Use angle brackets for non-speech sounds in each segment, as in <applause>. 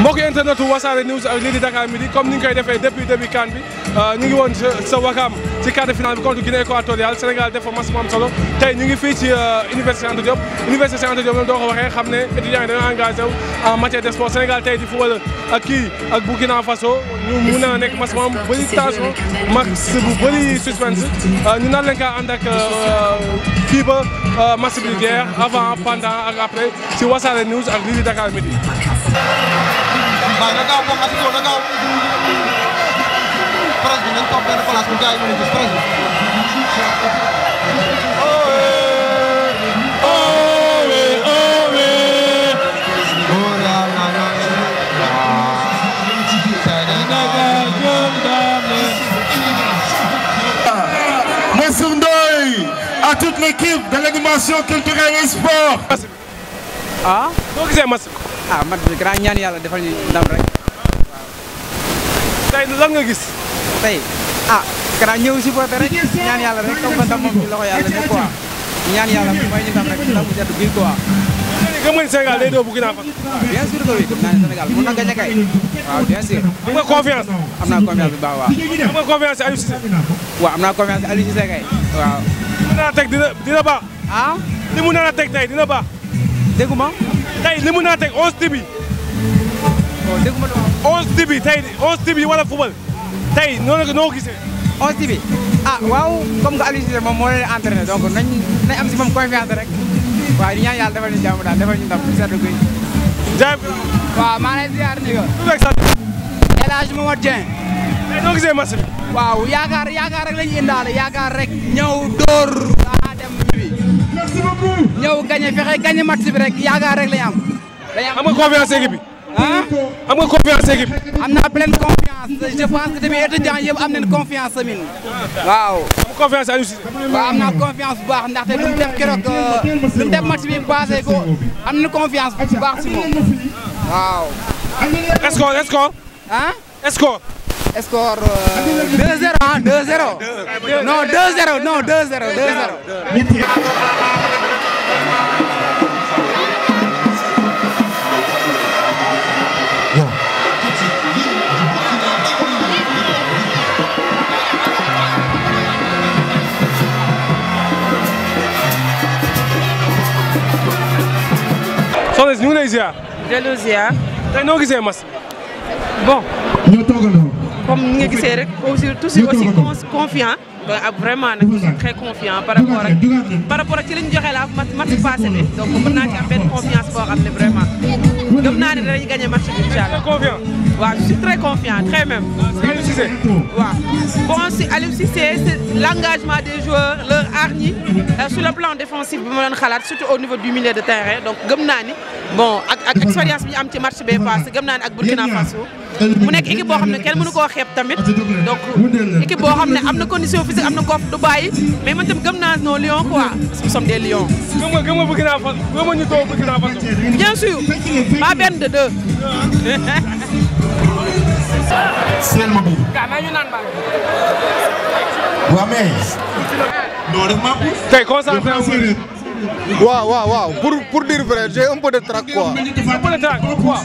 mbokk internetu wasaare news ak lii Dakar midi comme ni ñu koy defee depuis début kan bi euh, ñu ngi woon sa wakaam ci quart de finale bi contre Guinée équatoriale Sénégal def fa match am solo tey ñu ngi fii ci euh, université Anta Diop université Anta Diop doo waxee xam ne étudiants yi dañoo engagé wu en matière de sport Sénégal tey di football ak kii ak Burkina Faso ñu mun nekk match bu am bëri tension match bu bëri suspense euh, ñu naan leen kaa ak fii ba match bi di jeex avant pendant ak après ci wasaare ak lii di Dakar midi. waaye na gaaw bokk attention na gaaw presse bi nañ toog benn place bu gars yi mën a gis presse bi à toute l'équipe de l'animation culturelle et sport. ah boo gisee mas ah mat bi grand ñaan yàlla defal ñu ndam rek waaw. tey lan nga gis. tey a ah, grand ñëw si boote rek ñaan yàlla rek taw ko ndam moom ci loxo yàlla ne quoi ñaan yàlla mooy ñu ndam rek ndam bu set bii quoi. gëm nga ni Sénégal day doo Burkina Faso. bien sûr que oui gëm naa ne Sénégal mun na gañe kay. waaw bien sûr. am nga confiance. am naa confiance bu baax am nga confiance ci Aliou Cissé. waaw am naa confiance ci Aliou kay. waaw. li mu a teg dina dina baax. ah. mu nar a teg tey dina baax. dégguma. tey li mu naa teg onze tibb yi. waaw dégguma lu ma. onze tibb yi tey onze tibb yi wala fubal. tey noonu la noo ko gisee. onze tibb yi ah waaw comme que Aliou Cissé moom moo leen entraîné donc nañ nañ am si moom confiance rek waaw di ñaan yàlla defal ñu jàmm daal defal ñu ndam sedd guy. jaajëf. waaw maa ngi lay ziar ni ko. El Hadj Mamadou Dieng. tey noo gisee match bi. waaw yaakaar yaakaar rek lañu indaale yaakaar rek. ñëw dóor. ñëw gagné fexe gagné match bi rek yaakaar rek lañ am. dañ am nga confiance équipe am nga confiance naa pleine confiance je pense que tamit étudiants yëpp am nañ confiance tamit. waaw. waaw am naa confiance bu baax ndaxte lu mu def keroog euh, lu mu def match bi passé ko am nañu confiance baax si moom waaw. escore escore. escore. score 2 ah 2-0. non 2-0 non 2 soxna si ñu ngi lay ziar. delloo ziar. tey noo gisee mas. bon. ñoo toogandoo. comme ni nga gisee rek aussi toujours aussi confiant. donc ah, vraiment nag très confiant par rapport ak par rapport ak ci li ñu joxe la mat mat passé bi donc mën naa ci am benn confiance boo xam ne vraiment gëm naa ne danañ gagné match bi incha allah. waaw je suis très confiant très même. Aliou Cissé. waaw bon si Aliou Cissé c'est l'engagement des joueurs leur hargne euh, sur le plan défensif bi ma doon xalaat surtout au niveau du de terrain donc gëm naa ni bon ak expérience bi am ci match bee passé gëm naa ni ak Burkina wo mu nekk équipe boo xam ne kenn mënu koo xeeb tamit donc équipe boo xam ne am na condition physique am na koof du bàyyi mais man gëm naa nos lions quoi parce que nous sommes des benn de deux. seen ma boobu. gaa maa ñu naan baax. waa mais. non rek maa waaw waaw waaw pour pour dire vrai de trac quoi.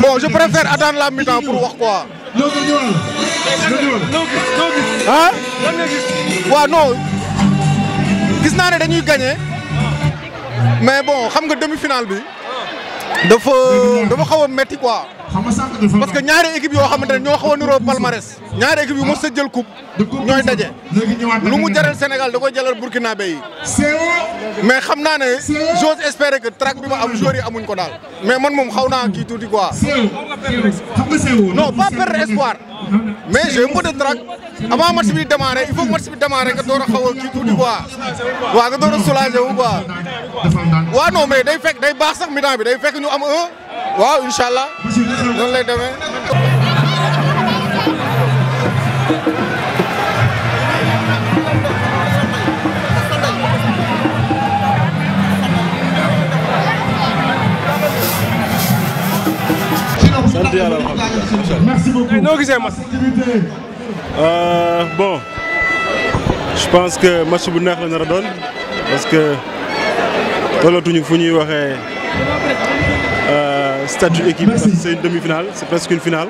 bon je préfère attendre la mi-temps pour wax quoi. ah. waaw gis naa ne dañuy gagné mais bon xam nga demi-finale bi dafa dafa xaw a metti quoi. parce que ñaari équipe yoo xamante ne ñoo xaw a niroo palmarès ñaari équipe yu mos a jël coupe ñooy daje lu mu jaral Sénégal da koy jaral Burkinabé yi mais xam naa ne j'ose espérer que track bi ma am joueurs yi amuñ ko daal mais man moom xaw naa kii tuuti quoi non pas perdre espoir mais j'ai un peu de trac avant match bi démarré il faut que match bi démarré nga a a kii tuuti quoi waaw nga door a soulagé wu quoi waaw mais day fekk day baax sax mi bi day fekk nu am un waaw incha allah noonu lay demee. sant yàlla alhamdulilah. noo gisee match. bon je pense que match bu neex la nar a doon parce que tollatuñu fu ñuy waxee euh, statut équipe. parce que c'est une demi-finale c'est presque une finale.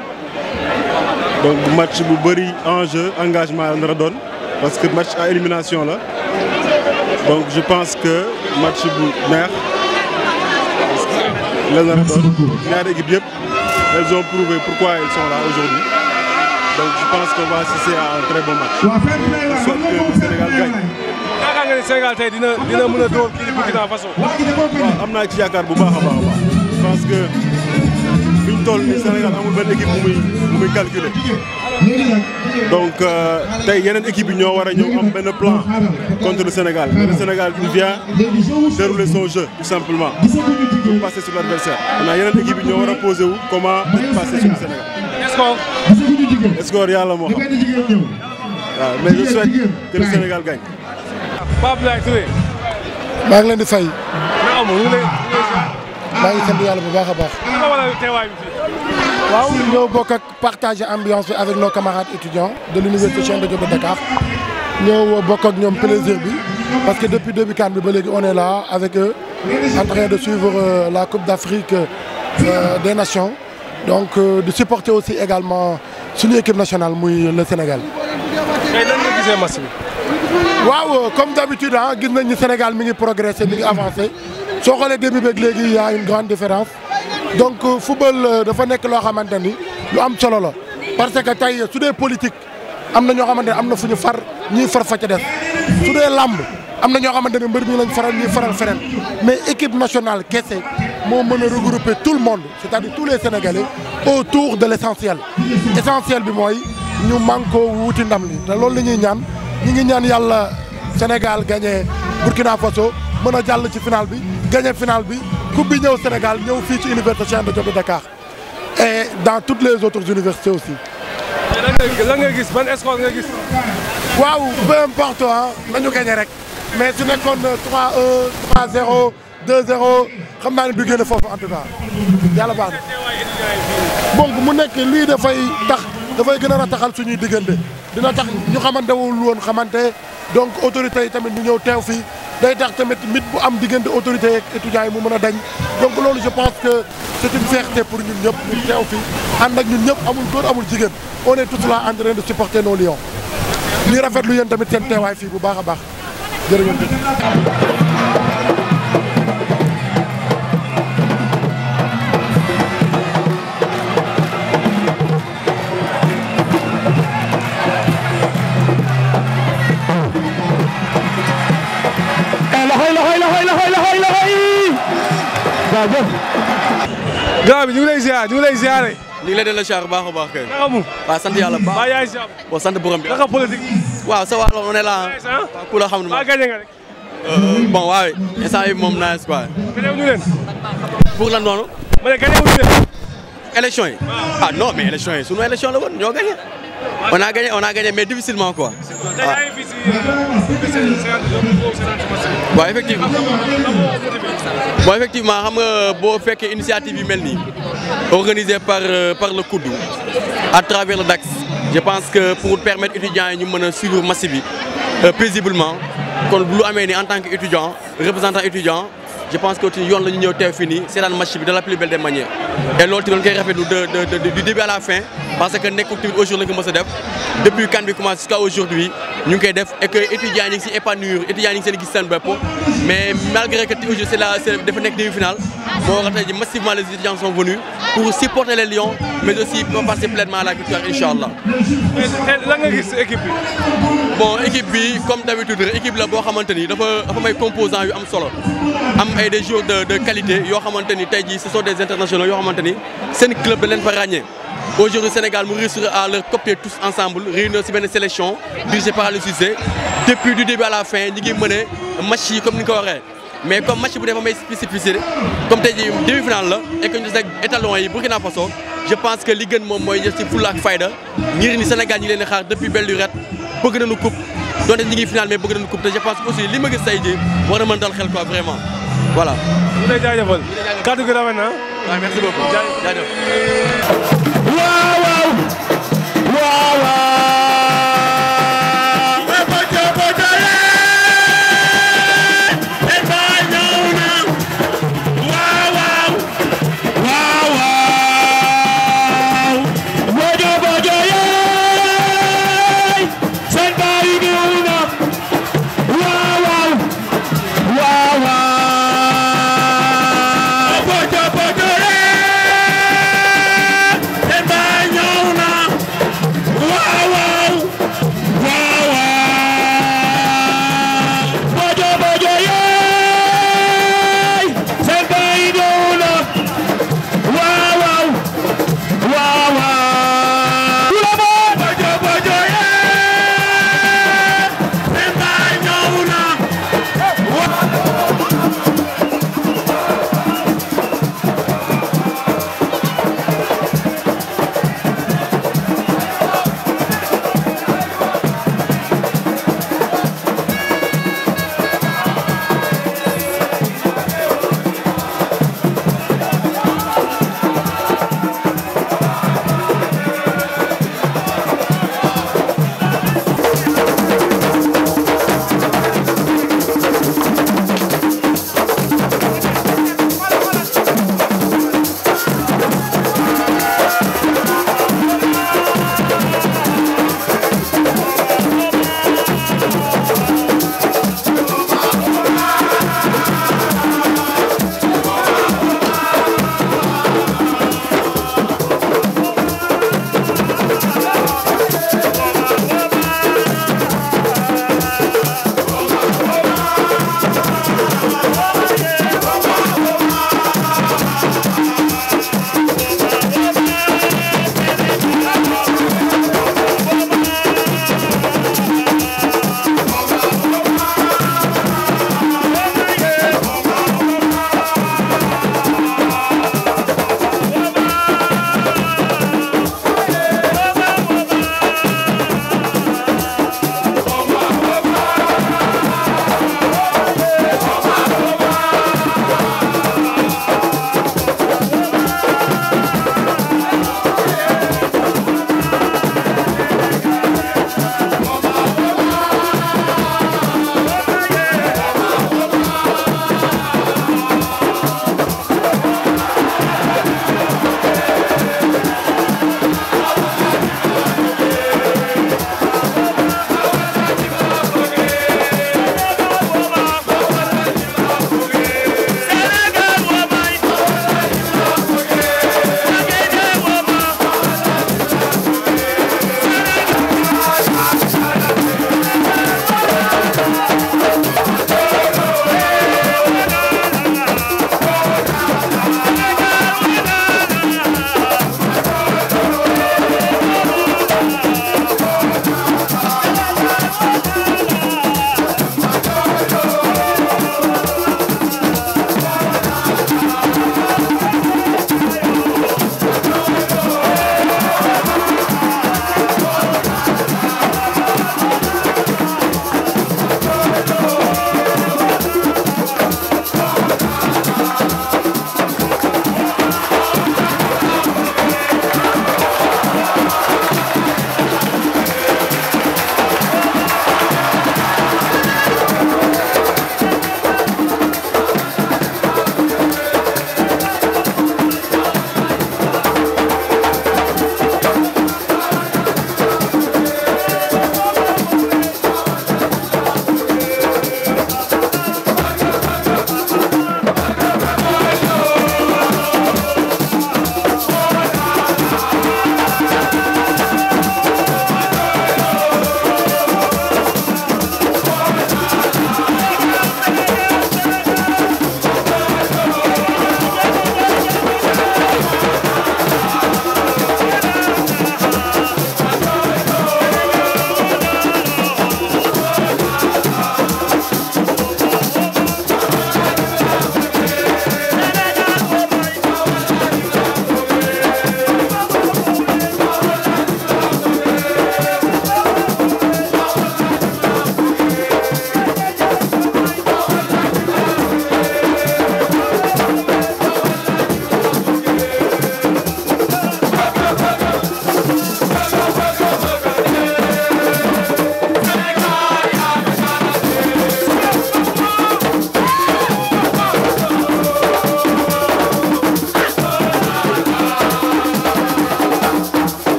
donc match bu bëri enjeu engagement la nar doon parce que match à élimination la donc je pense que match bu neex la nar doon ñaari équipe yëpp. Elles ont prouvé pourquoi elles sont là aujourd'hui. Donc je pense qu'on va assister à un très bon match. Soit que Sénégal gagne. yaakaar nga ne Sénégal tey dina dina mën a dóor kii Burkina Faso. am naa ci yaakaar bu baax a baax a baax. je pense que fi ñu toll Sénégal amul benn équipe bu muy bu muy calculer. donc euh, tey yeneen équipe yi ñoo war ñëw am benn plan contre le Sénégal mais le Sénégal il vient dérouler son jeu tout simplement pour passer sur l'adversaire xanaa yeneen équipe yi ñoo war a posé wu comment passer sur le Sénégal. score score yàlla moo xam waaw mais je souhaite que le Sénégal gagne. Pape Laye Touré. maa ngi leen di fay. maa ngi sant yàlla bu baax a baax. waaw si ñëw bokk ak partager ambiance bi avec nos camarades étudiants de l'université Cheikh Anta Diop de Dakar ñëw bokk ak ñoom plaisir bi parce que depuis début CAN bi ba léegi on est là avec eux en de suivre euh, la Coupe d'Afrique euh, des Nations donc euh, de supporter aussi également suñu équipe nationale muy le Sénégal. tey nan waaw comme d'habitude ah gis nañ Sénégal mi ngi progressé mi ngi avancé soo xoolee début beeg léegi y une grande différence. donc euh, football euh, dafa nekk loo xamante ni lu am solo la parce que tey su dee politique am na ñoo xamante ne am na fu ñu far ñuy far fa ca su dee làmb am na ñoo xamante ne mbër mi lañ faral ñuy faral feneen mais équipe nationale kese moo mën a regrouper tout le monde c'est-à-dire tous les sénégalais autour de l'essentiel essentiel bi mooy ñu mànkoo wuti ndam li te loolu la ñuy ñaan ñu ngi ñaan yàlla Sénégal gagné Burkina Faso mën a jàll ci final bi gagné final bi coupe bi ñëw Sénégal ñëw fii ci université Cheikh Anta Diop da Dakar et dans toutes les autres universités aussi. la nga gis ban score nga gis. waaw peu importe ah nañu gagné rek mais su nekkoon 3-1 3-0 2-0 xam naa ne du foofu en tout cas yàlla baax na. donc mu nekk lii dafay tax dafay gën a rataxal suñuy diggante dina tax ñu xamante wul woon xamante donc autorité tamit ñu ñëw teew fii. day tax tamit mit bu am diggante autorité yeeg étudiants yi mu mën a dañ donc loolu je pense que c'est une fierté pour ñun ñëpp ñu teew fi ànd ak ñun ñëpp amul góor amul jigéen on est tous là en train de supporter nos lions yéen tamit seen teewaay fii bu baax a baax jërëjëf jaajëf. gars bi ñu ngi lay ziar baax a baax kay. naka mu baax bon sant borom bi. naka politique. waaw ça va on est là. waaw ku la xam ne ma. Euh, bon waaw instant yii moom naa quoi. gagné wu ñu leen. pour lan noonu. ma ne yi. ah non mais élection yi sunu élection la woon ñoo gagné. on a gagné on a waaw effectivement waaw effectivement xam nga boo fekkee initiative yu mel nii organisée par euh, par le COUD à travers le DAX je pense que pour permettre étudiants yi ñu mën a suivre massif bi euh, paisiblement kon lu amee ni en tant que étudiant représentant étudiant je pense que yoon la ñu ñëw teew fii nii match bi de la plus belle des manières et loolu tamit dañ koy rafetlu du début à la fin parce que nekkul tamit def depuis kan bi commencé jusqu'à aujourd'hui ñu ngi def et que si épanouir étudiants yi ñu ngi seen mais malgré que aujourd'hui c'est la c'est nekk demi-finale moo waral tey massivement les étudiants sont venus pour supporter les Lions mais aussi pour participer pleinement à la culture incha allah. nga gis ay des joueurs de de qualité yoo xamante ni tey jii ce sont des internationaux yoo xamante ni seen club da fa ràññee. aujourd'hui Sénégal mu réussir à leur copier tous ensemble réunir ci benn sélection dirigée par depuis du début à la fin ñi ngi mëne match yi comme ni nga waxee. mais comme match bu dafa may spécificité comme tey jii demi-finale la et que étalon yi Burkina Faso je pense que li gën moom mooy jël ci fulla ak fayda ngir ni Sénégal voilà. ñu lay jaajëfal kàddu gi rafet na waaw merci beaucoup jaajëf waaw waaw waaw waaw.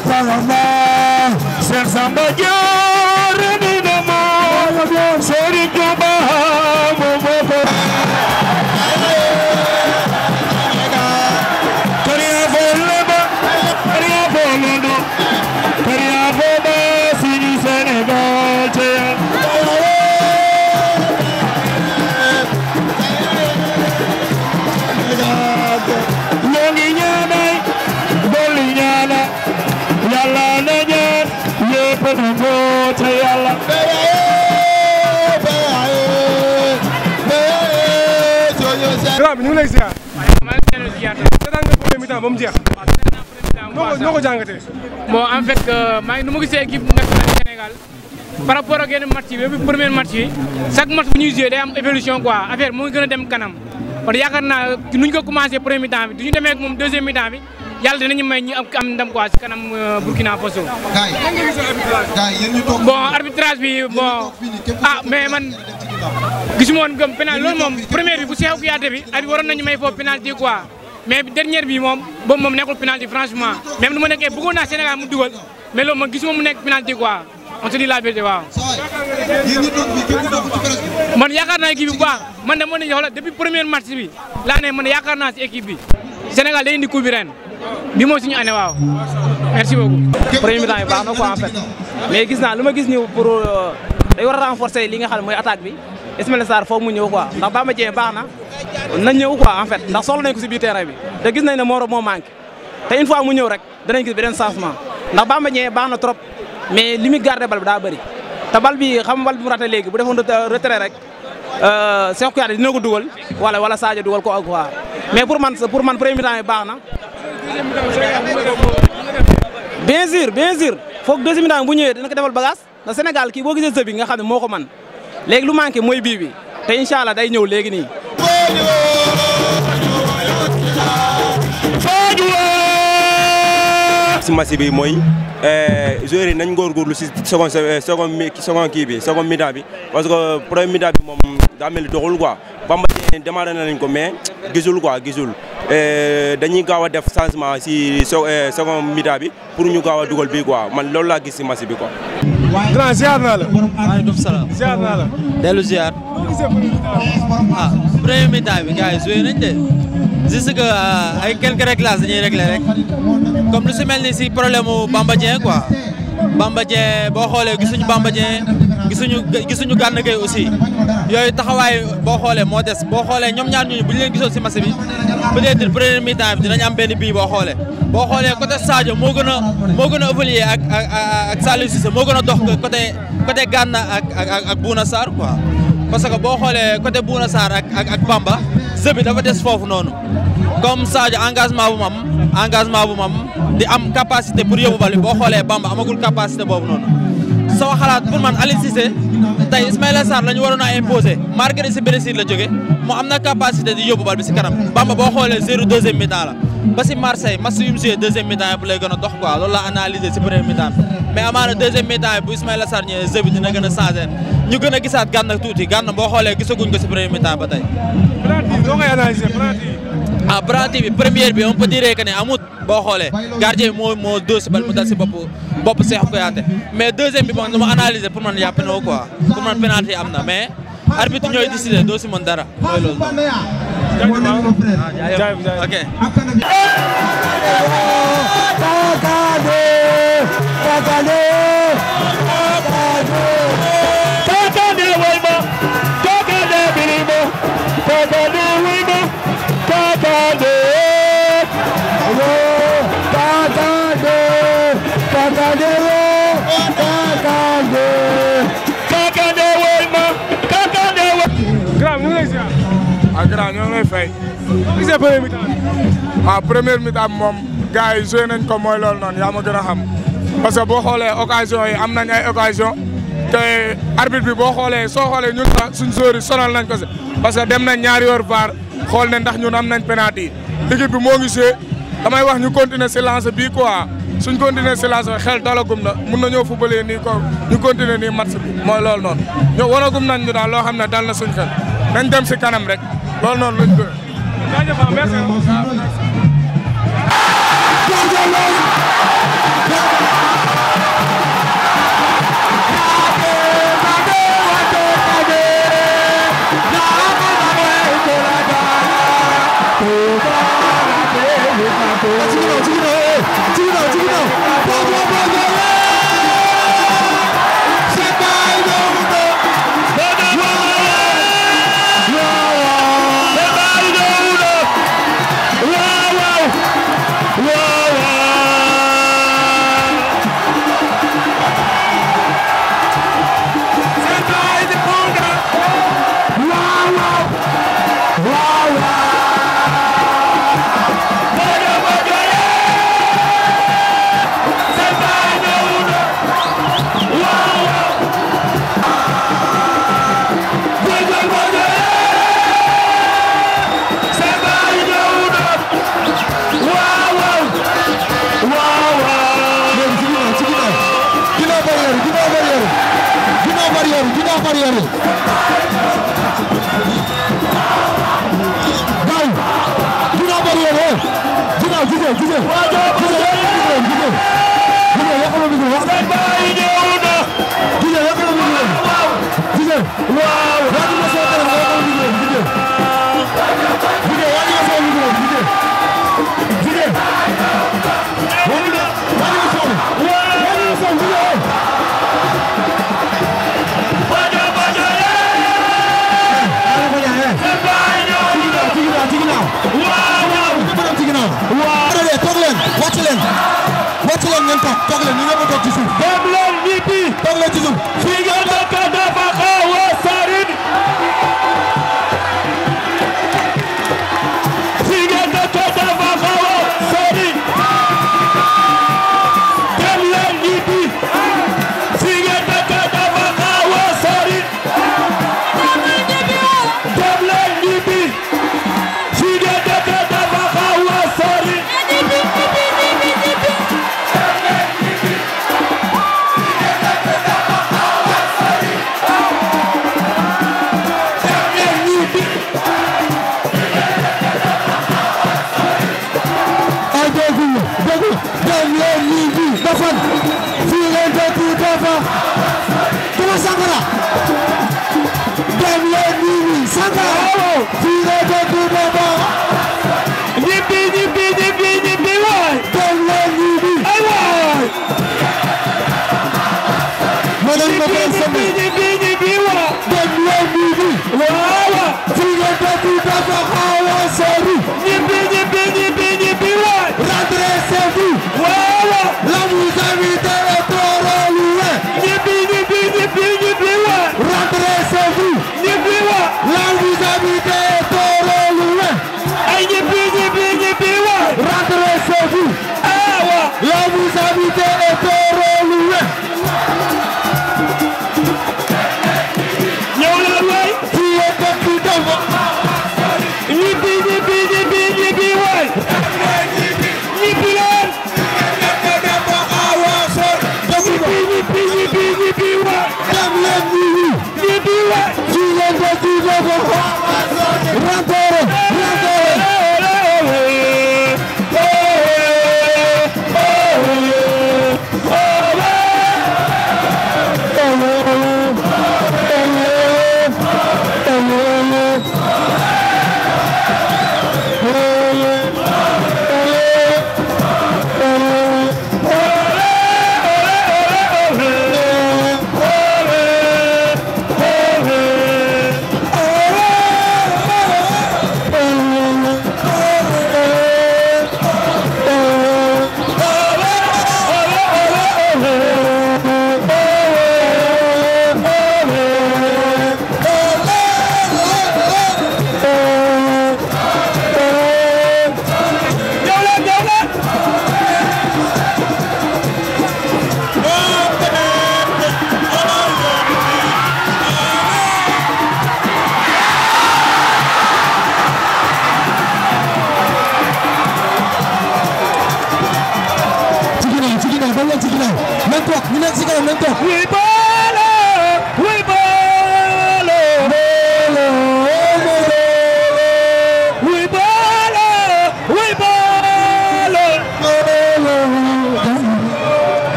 Paloma Cheikh Samba Dior ni na mo Serigne Touba lay ziar. maa ngi leen di ziar tey. seetaan nga premier mi-temps ba mu jeex. waaw seetaan naa noo ko jàngatee. bon en fait maa ngi nu ma gisee équipe nationale Sénégal par rapport ak yenn match yi ba premier match yi chaque match bu ñuy joué day am évolution quoi affaire moo ngi gën a dem kanam kon yaakaar naa nu ñu ko commencé premier mi-temps bi du ñu demee ak moom deuxième mi-temps bi. yàlla dinañu may ñi am ndam quoi ci kanam euh, Burkina Faso. gars yi gars yi yéen ñu toog bon arbitrage bi bon ah mais man. gisuma woon gëm penalty loolu moom première bi bu Cheikhou Kouyaté bi abi waroon nañu may foofu penalty quoi mais dernière bi moom boobu moom nekkul penalty franchement même nu ma nekkee bëggoon naa Sénégal mu dugal mais loolu moom gisuma mu nekk penalty quoi on se la vérité waaw. man yaakaar naa équipe bi bu baax man de bi laa ne man yaakaar naa si équipe bi Sénégal day indi coupe bi ren bi mooy suñu année waaw merci beaucoup. premier mi-temps bi baax na quoi en gis naa lu ma gis nii pour euh, day war a renforcer li nga xam ne mooy attaque bi. Ismaïla Sarr foofu mu ñëw quoi ndax Bamba Dieng baax na na ñëw quoi en fait ndax soxla nañ ko si biir terrain bi te gis nañ ne Moro moo manqué te une fois mu ñëw rek danañ gis beneen changement ndax Bamba Dieng baax na trop mais li muy garder bal bi daa bari te bal bi xam bal bi mu raté léegi bu defoon retrait rek euh, Cheikh Kouyaté dina ko dugal wala wala Sadio dugal ko ak quoi mais pour man pour man premier temps bi baax na bien sûr bien sûr foog deuxième temps bu ñëwee dina ko defal bagage bi nga xam ne moo ko man léegi lu manqué mooy bii bi te incha allah day ñëw léegi nii. si match bi mooy eh, joueurs yi nañ góorgóorlu si second second kii bi second mi-temps bi parce que premier mi-temps bi moom daa mel ni doxul quoi Bamba démarré nañ ko mais gisul quoi gisul. Euh, dañuy gaaw a def changement si euh, second mi-temps bi pour ñu gaaw a dugal bii quoi man loolu gis si match bi quoi. la. maaleykum salaam dellu ziar. ah premier mi bi gars yi joué nañ de juste que euh, ay quelques réglages dañuy réglé rek comme lu si mel ni si problème mu Bamba Dieng quoi Bamba Dieng boo gisuñu gisuñu Gana Gueye aussi yooyu taxawaay boo xoolee moo des boo xoolee ñoom ñaan ñooñu bu ñu leen gisoon si match bi peut-être premier mi-temps bi dinañ am benn bii boo xoolee. boo xoolee côté Sadio moo gën moo gën a évoluer ak ak ak Saliou Cissé moo gën a dox côté côté Gana ak ak ak Bouna Sarr quoi. parce que boo xoolee côté Bouna Sarr ak ak ak Bamba jeu bi dafa des foofu noonu comme Sadio engagement bu mu am engagement bu mu am di am capacité pour yóbbu bal bi boo xoolee Bamba amagul capacité boobu noonu. sama xalaat pour man Aliou Cissé tey Ismaïla Sarr la ñu si blessure la jóge moo am na capacité di yóbbu bal bi si kanam Bamba boo xoolee zéro deuxième mi-temps la ba si Marseille match yu mu joué deuxième mi-temps bu a la analyser si premier mi-temps amaana deuxième mi-temps bu Ismaïla Sarr ñëwee jeu bi dina gën a changé ñu gën a gisaat boo xoolee gisaguñ ko si premier mi ba tey. Brandt yi ah, bi première bi on peut dire que ne boo xoolee gardien moo bopp Cheikh Kouyaté mais deuxième bi moom dama analyser pour man yàpp na quoi pour man penalty am na mais arbitre ñooy décider doo si mën dara mooy loolu ah, ok Kakandé Kakandé grand ñoo ngi lay fay. gisee premier mi première mi-temps ah, moom gars yi joué nañ ko mooy loolu noonu yaa ma gën a xam parce que boo xoolee occasion yi am nañ ay occasion te arbitre bi boo xoolee soo xoolee ñun sax suñ joueur yi nañ ko si parce que dem nañ ñaari yoor VAR xool ne ndax ñun am nañ penalty yi équipe bi moo ngi joué damay wax ñu continuer si lancé bii quoi suñ continuer si lancé xel dalagum na mun na ñoo fubalee nii ko ñu continuer nii match bi mooy loolu noonu ñoo waragum nañ ñu a loo xam ne dal na suñ xel nañ dem si kanam rek loolu noonu lañ koy. jaajëf merci.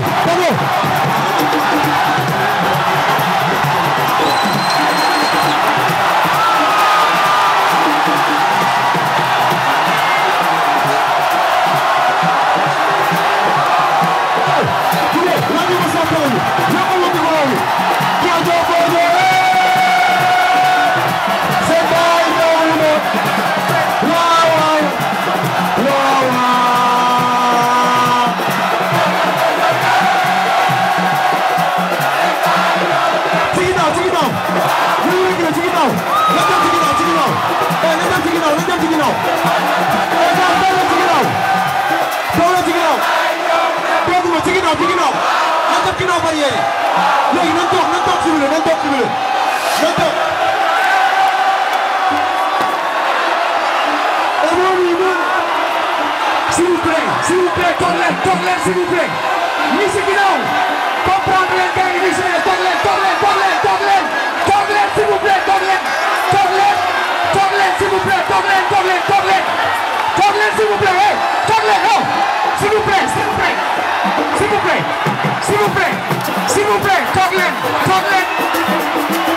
Pablo. ci ginnaaw nañ def ginnaaw barrière yi léegi nañ toog nañ toog simile nañ toog simile nañ toog s'il vous plaît s'il vous plaît toog leen toog leen s'il vous plaît ñi ci ginnaaw comprendre leen gars yi ñi ci leen toog leen toog leen toog leen toog leen toog leen s'il vous plaît toog leen toog leen toog leen s'il vous plaît toog leen toog leen toog leen s'il vous plaît s'il vous plaît s'il vous plaît toog leen toog leen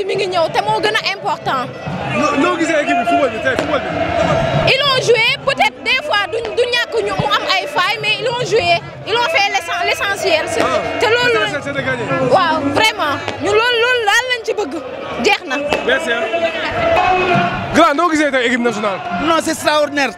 bi mi ngi ñëw te moo gën a important. noo noo gisee équipe bi football tey football bi. ils ont joué peut fois du du ñu mu am ay failles mais ils ont joué ils ont fait l'essentiel. Ah, te loolu waaw vraiment ñu loolu loolu daal lañ ci bëgg jeex na. merci. grand noo gisee tey équipe nationale. non c'est extraordinaire.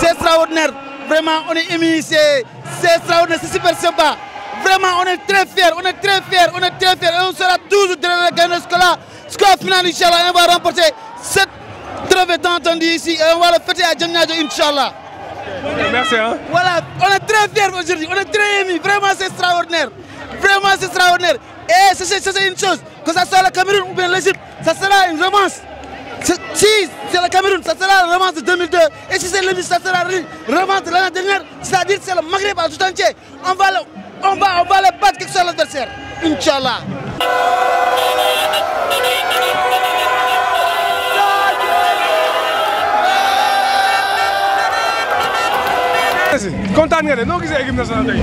c'est extraordinaire vraiment on est émis c'est c'est extraordinaire c'est super sympa. Vraiment, on est très fiers, on est très fiers, on est très fiers. Et on sera toujours derrière les gagnants jusqu'à jusqu'à finale, Inch'Allah. on va remporter cette trophée tant attendue ici. Et on va le fêter à Djamnyadjo, Inch'Allah. Merci. Hein. Voilà, on est très fiers aujourd'hui, on est très émis. Vraiment, c'est extraordinaire. Vraiment, c'est extraordinaire. Et c'est une chose, que ce soit le Cameroun ou bien l'Égypte, ça sera une romance. Si c'est le Cameroun, ça sera la romance de 2002. Et si c'est l'Égypte, ça sera la romance de l'année dernière. C'est-à-dire que c'est le Maghreb à tout entier. On va le... on va on va aller battre quelque chose l'adversaire Inch'Allah kontaan nga de noo gisee équipe nationale tey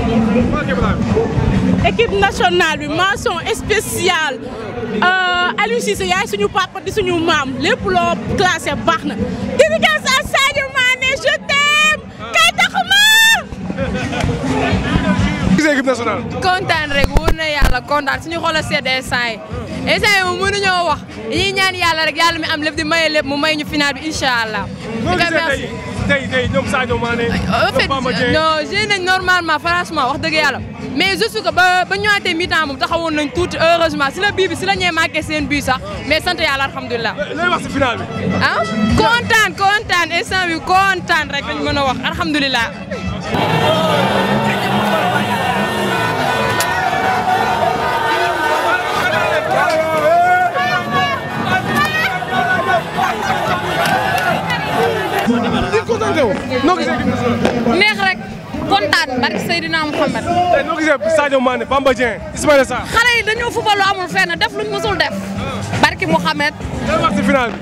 équipe nationale bi mention spéciale euh, Aliou Cissé yaay suñu papa di suñu maam lépp loo classé baax na dédicace à Sadio Mané je t'aime kay taxuma gisee équipe nationale. kontaan rek wóor na yàlla kontaan suñu xol a seddee saa yi. instant yii moom mënuñoo wax dañuy ñaan yàlla rek yàlla mi am lépp di maye lépp mu may ñu final bi incha allah. tey tey ñoom Sadio Mané. en fait non joué nañ normalement franchement wax dëgg yàlla mais juste que ba ba ñëwaatee mi-temps moom taxawoon nañ tuuti heureusement si la bii bi si la ñee marqué seen bii sax mais sant yàlla alhamdulilah. lay wax si final bi. ah kontaan kontaan instant bi kontaan rek dañ mën a wax alhamdulilah. kontaan nga noo gisee neex rek kontaan barke Seydina Mouhamed. tey noo gisee Sadio Mané Bamba Dieng Ismaïla Sarr. xale yi dañoo fubal lu amul fenn def luñ mësul def. barke Mouhamed. lan wax si final bi.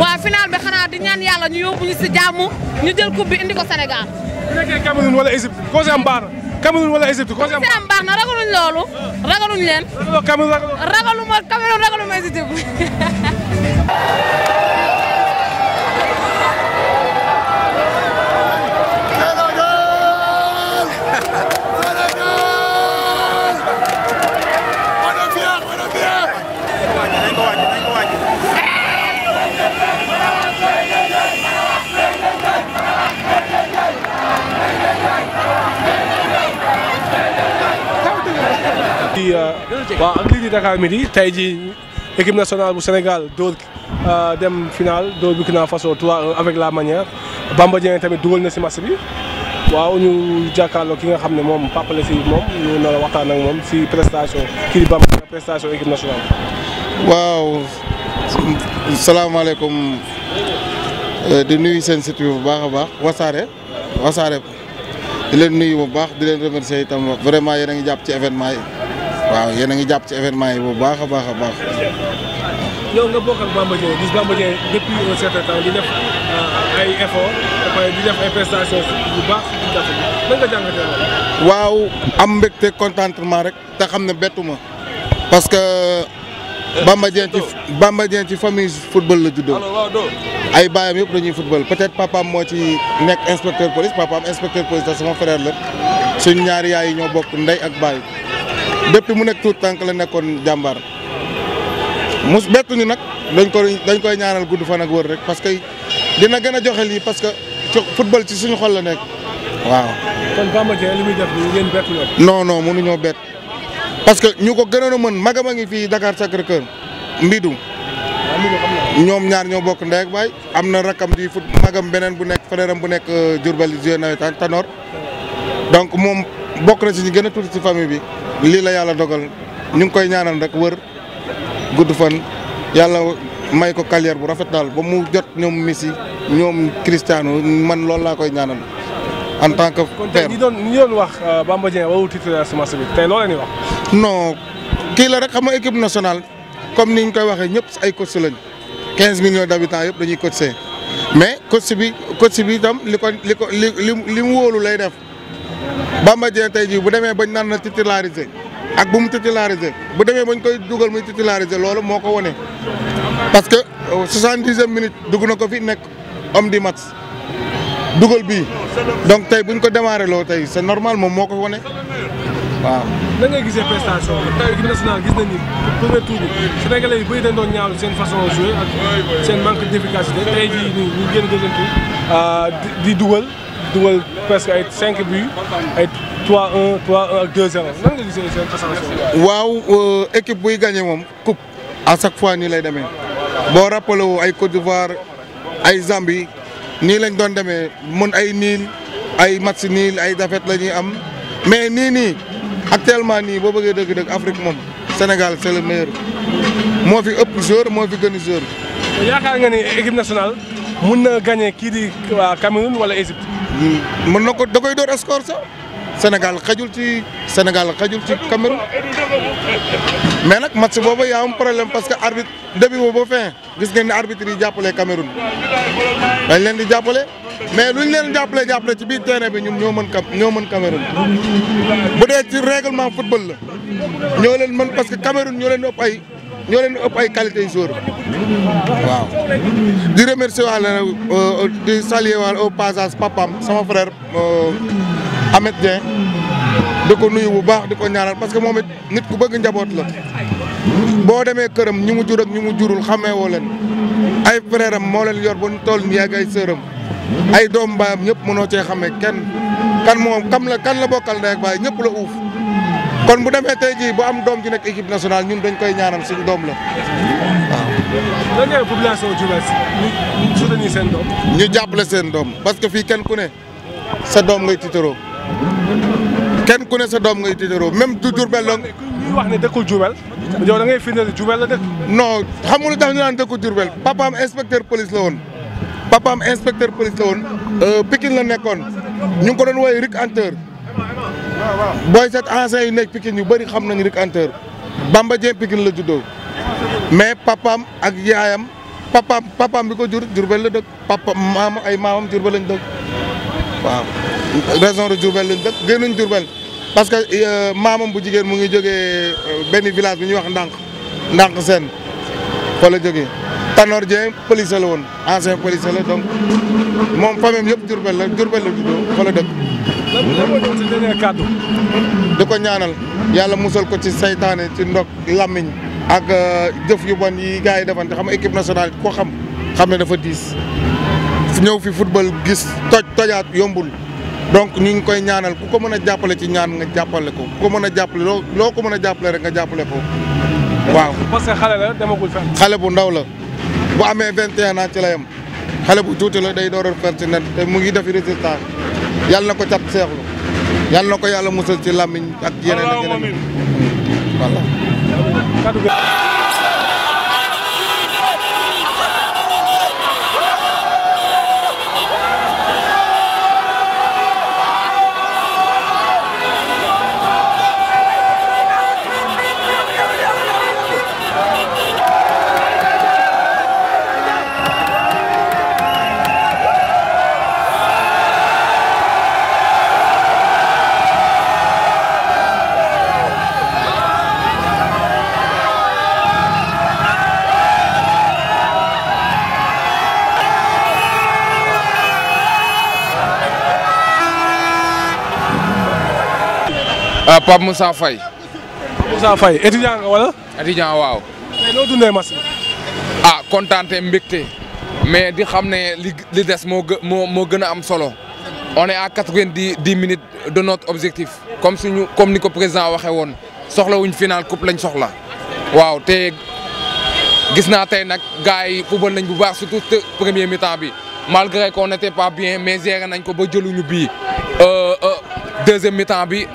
waaw final bi xanaa di ñaan yàlla ñu yóbbu ñu si jàmm ñu jël coupe bi indi ko Sénégal. bu nekkee Cameroun wala Égypte koo si am baax na Cameroun wala Égypte ko si am baax na ragaluñ loolu. ragaluñ leen. ragaloo Cameroun ragaluma Cameroun ragaluma Égypte. <laughs> di euh, waaw ak lii di Dakar Midi tey jii équipe nationale bu Sénégal dóor euh, dem final dóor Burkina Faso 3 avec la manière Bamba Dieng tamit dugal na si match bi waaw ñu jàkkaarloo ki nga xam ne moom Papa la si moom ñu nar a waxtaan ak moom si prestation kii di Bamba prestation équipe nationale. waaw salaamaaleykum euh, di nuyu seen site bi bu baax a baax wasaare wasaare di leen nuyu bu baax di leen remercier itam vraiment yéen a ngi jàpp ci événement yi. waaw yéen a ngi jàpp ci événement yi bu baax a baax a baax. yow nga bokk ak Bamba Dieng gis Bamba Dieng certain temps di def euh, ay effort di def ay waaw am mbégte contentement rek te xam ne bettu ma parce que Bamba Dieng ci Bamba Dieng ci famille football la juddoo ay baayam yëpp dañuy football peut-être papaam moo ci nekk inspecteur police papaam inspecteur police te sama frère la suñ ñaari yaay yi ñoo bokk ndey ak baay. depuis mu nekk tuut tànk la nekkoon jàmbaar mus bettuñu nag dañ ko dañ koy ñaanal gudd fan ak wër rek parce que dina gën a joxe lii parce que ci football ci suñu xol la nekk waaw. kon Bamba Dieng li muy def nii ngeen bett mënuñoo bett parce que ñu ko gënoon a mën magam a ngi fii Dakar Sacré Cœur Mbidou. ñoom ñaar ñoo bokk ndey ak baay am na rakkam di fut magam beneen bu nekk frère am bu nekk euh, Diourbel di jouer nawetaan Tanor donc moom bokk na si ñu gën a tuuti ci famille bi. lii la yàlla dogal ñu ngi koy ñaanal rek wër gudd fan yàlla may ko carrière bu rafet daal ba mu jot ñoom Messi ñoom Cristiano man loolu laa koy ñaanal en tant que. père kon doon ñi wax euh, Bamba Dieng warul titulaire semence bi tey loo leen di wax. non kii la rek xam nga équipe nationale comme ni ñu koy waxee ñëpp si ay coach lañ quinze millions d' habitants yëpp dañuy coacher mais coach bi coach bi itam li ko li ko li li mu woolu lay def. Bamba Dieng tey jii bu demee bañ naan na titularisé ak bu mu titularisé bu demee bañ koy dugal muy titularisé loolu moo ko wone parce que euh, soixante-dixième minute dugg na ko fi nekk homme di match dugal bi donc tey buñ ko démarré loo tey c'est normal moom moo ko wane. waaw nan ngay gisee tey équipe nañu ni premier tour bi Sénégalais yi bëri dañ doon seen façon jouer ak seen ah, dugal. dugal presque ay 5 buts ay 3-1 3-1 ak 2-0 nan nga waaw euh, équipe buy gagné moom coupe à chaque fois nii lay demee boo rappelé woo ay Côte d'Ivoire ay Zambie nii lañ doon demee mën ay niil ay match niil ay défaite la ñuy am mais nii nii actuellement nii boo bëggee dëgg-dëgg Afrique moom Sénégal c'est le meilleur moo fi ëpp joueur moo fi gën a joueur. yaakaar nga ni équipe nationale na gagné kii di waa Cameroun wala Égypte. mën na ko da koy door score sax Sénégal xajul ci Sénégal xajul ci Cameroun mais nag match boobu yaa am problème parce que arbitre début boobu ba fin gis ngeen ne arbitre yi jàppale Cameroun dañ leen di jàppale mais luñ leen jàppale jàppale ci biir terrain bi ñun ñoo mën Cam ñoo mën Cameroun bu dee ci règlement football la ñoo leen mën parce que Cameroun ñoo leen ëpp ñoo leen ëpp ay qualité jour waaw di remercier waale nag euh, di saluer waale passage papam sama frère euh, Ameth Dieng di ko nuyu bu baax di ko ñaanal parce que moom it nit ku bëgg njaboot la boo demee këram ñu mu jur ak ñu mu jurul xamee woo leen ay frère am moo leen yor ba ñu toll nii ak ay sœuram ay doom mbaayam ñëpp mënoo cee xamee kenn kan moom kam la kan la bokkal ndey ak baay ñëpp la uuf kon bu demee tey jii bu am doom ju nekk équipe nationale ñun dañ koy ñaanal suñu doom la waaw. lan ngay ñu soutenir seen doom. seen doom parce que fii kenn ku ne sa doom ngay tiitaroo kenn ku ne sa doom ngay tiitaroo même du Diourbel la. ñuy wax ne dëkkul Diourbel yow da ngay firndeel ne Diourbel la dëkk. xamul lu tax ñu naan dëkkul Diourbel police la woon papam inspecteur police la woon. Euh, Pikine la nekkoon ñu ngi ko doon woowee Rick Hunter booy seet anciens yu nekk Pikine yu bëri xam nañu Luc Anteur Bamba Dieng Pikine la juddoo mais papam ak yaayam papaam papaam bi ko jur Diourbel la dëkk papa maam ay maamam Diourbel lañ dëkk waaw région de Diourbel lañ dëkk génnuñ Diourbel parce que euh, maamam bu jigéen mu ngi jógee euh, benn village bi ñuy wax ndànk ndànk seen fa la Tanor Dieng police la woon ancien police la donc moom famille yëpp Diourbel la Diourbel la juddoo fa dëkk. di ko ñaanal yàlla musal ko ci seytaane ci ndog làmmiñ ak euh, jëf yu bon yi gars yi defante xam équipe nationale ko xam xam ne dafa diis ñëw fi football gis toj tojaat yombul. donc ñu ngi koy ñaanal ku ko mën a jàppale ci ñaan nga jàppale ko ku ko mën a jàppale loo loo ko mën a jàppale rek nga jàppale ko waaw. parce que xale la demagul fenn. xale bu ndaw la. boo amee 21 naa ci la yem xale bu tuuti la day door a te mu ngi def résistance yàlla na ko cat seexlu yàlla na ko yàlla musal ci làmmiñ ak yeneen ak yeneen voilà ah Pape Moussa Faye. Moussa Faye étudiant nga wala. étudiant waaw. tey noo dundee ah, mais di xam ne li des moo gë moo moo gën am solo on est à quatre-vingt-dix minutes de notre objectif comme suñu comme ni ko président waxee woon soxlawuñ final coupe lañ soxla waaw te gis naa tey nag gars yi football nañ bu baax surtout premier mi bi malgré qu'on n'était pas bien mais géré nañ ko ba jëluñu bii euh, euh, deuxième mi bi.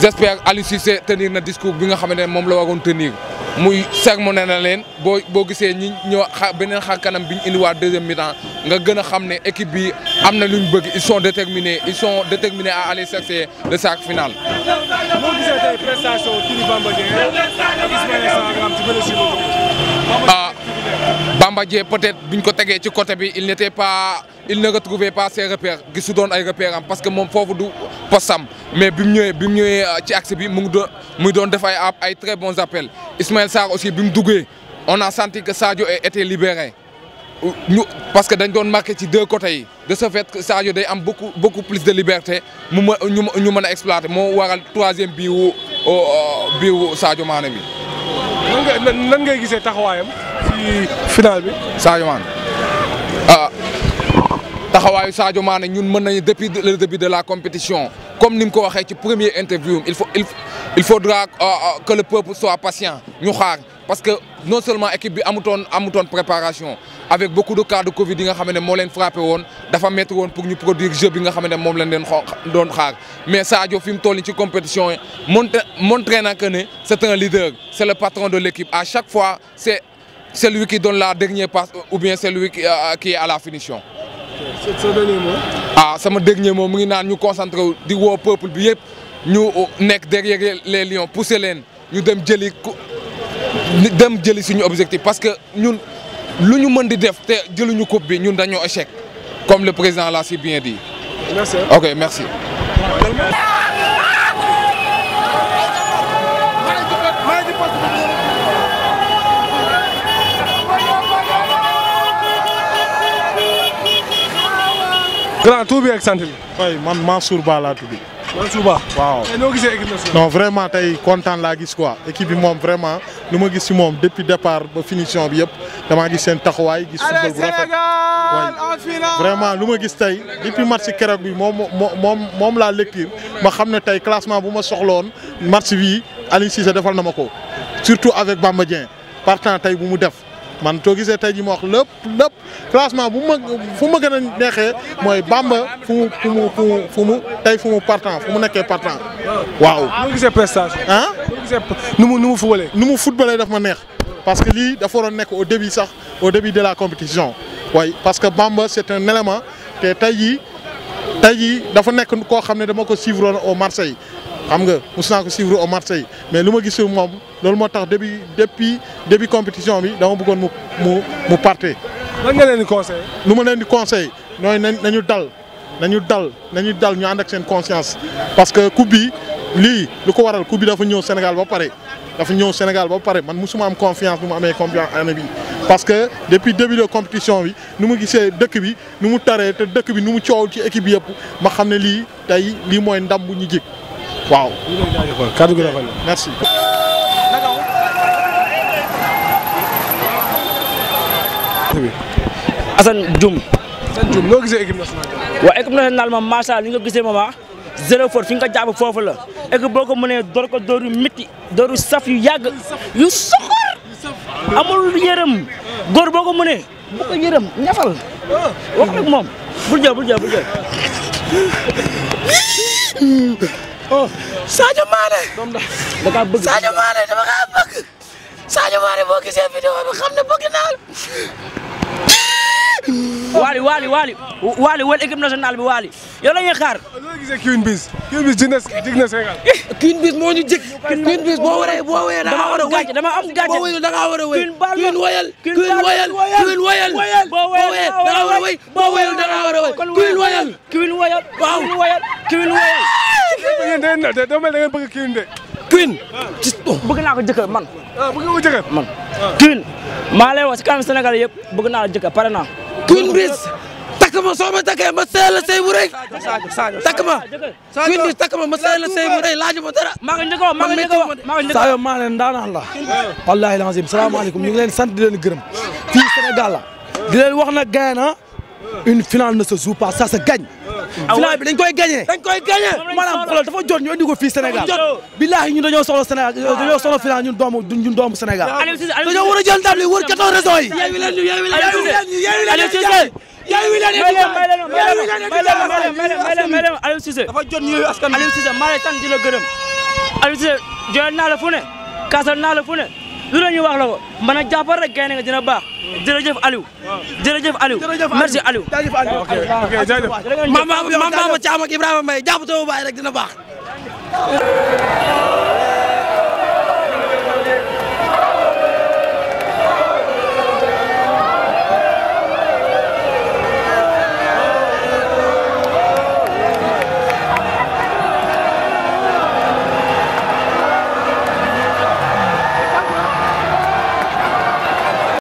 j'espère Aliou Cissé tenir na discours bi nga xam ne moom la waroon tenir muy sermonné na leen boo boo gisee ñi ñoo xa beneen xar kanam bi ñu indiwaat deuxième mi-temps nga gën a xam ne équipe bi am na lu ñu bëgg ils sont déterminés ils sont déterminés à aller chercher le sac final. ah. Bamba Dieng peut-être biñ ko tegee ci côté bi il n'était pas il ne retrouvait pas ses repères gisu doon ay repères am parce que moom foofu du poste am mais bi mu ñëwee bi ñëwee euh, ci axe bi mu ngi doon muy doon def ay ay très bons appels Ismaël Sarr aussi bi mu duggee on a senti que Sadio était libéré ñu parce que dañ doon marqué ci deux côtés yi de ce fait que day am beaucoup beaucoup plus de liberté mu ma ñu ñu mën a exploiter moo waral troisième bii wu oh, oh, bii wu bi. nan ngay nan ngay gisee taxawaayam. ci final bi. Sadio Mané ah taxawaayu Sadio Mané ñun mën nañu depuis le début de la compétition comme ni mu ko waxee ci premier interview il faut il faudra ah, ah, que le peuple soit patient ñu xaar parce que non seulement équipe bi amutoon amutoon préparation avec beaucoup de cas de Covid yi nga xam ne moo leen frappé woon dafa métti woon pour ñu produire jeu bi nga xam ne moom lañ leen doon xaar mais Sadio fi mu toll nii ci compétition yi montré montré que ne c'est un leader c'est le à chaque fois c'est celui qui donne la dernière passe euh, ou bien celui qui, euh, qui est à la finition. ah sama dernier moom mu ngi naan ñu concentré wu di woo peuple bi yëpp ñu euh, nekk derrière les lions pousser leen ñu dem jëli ku dem jëli suñu objectif parce que ñun lu ñu mën di def te jëluñu coupe bi ñun dañoo échec comme le président l'a si bien dit. merci ok merci. grand tur bi ak sant bi. oui man Mansour Ba laa tudd. non vraiment tey kontaan laa gis quoi équipe bi moom vraiment lu ma gis si moom depuis départ ba finition bi yëpp damaa gis seen taxawaay. gis football bu rafet vraiment lu ma gis tey depuis match keroog bi moom moom moom laa lecture ma xam ne tey classement bu ma soxloon match bii Aliou Cissé defal na ma ko surtout avec Bamba Dieng partant tey bu mu def. man soo gisee tey ji ma wax lépp lépp classement bu mag fu ma gën neexee mooy Bamba fu mu fu mu fu mu tey fu mu partant fu mu nekkee partant waaw. nu mu gisee prestation. nu mu nu mu footballee. nu mu footballee daf ma neex parce que lii dafa waroon nekk au début sax au début de la compétition waaye parce que Bamba c'est un élément te tey jii tey jii dafa nekk koo xam ne dama ko suivre au Marseille xam nga mu naa ko suivre au Marseille mais lu ma gis moom loolu moo tax depuis depuis début compétition bi dama bëggoon mu mu mu parte lan nga leen di conseil lu ma leen di conseil nooy nañu dal nañu dal nañu dal ñu ak seen conscience parce que coupe bi lii lu ko waral coupe bi dafa ñëw Sénégal ba pare dafa ñëw Sénégal ba pare man musuma am confiance bu mu amee confiance année bi parce que depuis début de bi nu mu gisee dëkk bi nu mu taree te dëkk bi nu mu coow ci équipe yëpp ma xam ne lii tey lii mooy ndam bu ñu jik waaw. kaddu gi rafet na merci. Assane Dioum. noo gisee équipe nationale. waaw équipe nationale moom nga gisee moom ah zéro faute fi nga ko foofu la équipe boo ko mënee door ko door yu métti door yu saf yu yàgg yu soxor amul yërëm góor boo ko mënee bu ko yërëm ñafal wax ak moom bul jël bul jël Oh, Sadio Mané. da kaa bëgg Sadio Mané dama kaa bëgg Sadio Mané boo gisee vidéo bi xam ne bëgg naa la. Waly Waly Waly Waly wala équipe nationale bi Waly yow la ñuy xaar. loo gisee Queen Biz Queen Biz dig na dig na Sénégal. Eh, Queen Biz moo ñu jëkk. Queen Biz boo waree boo waree da ngaa war a wéy dama am gàcce boo wéyul da ngaa war a wéy. Queen wayal Queen wayal Queen wayal boo wayal da ngaa war a wéy boo wayul da ngaa war a wéy Queen wayal Queen wayal waaw Queen wayal Queen wayal yéen day na da mel bëgg naa ko jëkkër man. ah bëgg ko maa lay wax si kanam Sénégal yëpp bëgg naa la jëkkër pare naa. Queen bis takk ma soo ma takkee ma seel la sey bu rëy. takk ma Queen bis takk ma ma seel la sey bu rëy laaju ma dara. maa ngi njëkk a wax a wax maa a wax. saa daanaan la. wallaahi lazim salaamaaleykum ñu ngi leen sant di leen gërëm. fii Sénégal wax na gagne na une finale ne se joue pas ça se Ah, final bi dañ koy gagné dañ koy gagné maanaam xoolal dafa jot ñu indi ko fii Sénégal billaahi ñun dañoo soxla Sénégal euh, dañoo soxla final ñun doomu ñun doomu Sénégal dañoo war a jël ndam li wër 14 raisons yi yeewi leen ñu yeewi leen ñu Aliou Cissé dafa jot ñu askan Aliou Cissé maa lay sant di la gërëm Aliou Cissé jooyal naa la fu lu la ñuy wax la ko mën a jàppal rek gaynde nga dina baax jërëjëf Aliou jërëjëf Aliou merci Aliou jaajëf Aliou ok ok jaajëf maam maam Caam ak Ibrahima Mbaye jàpp taw baay rek dina baax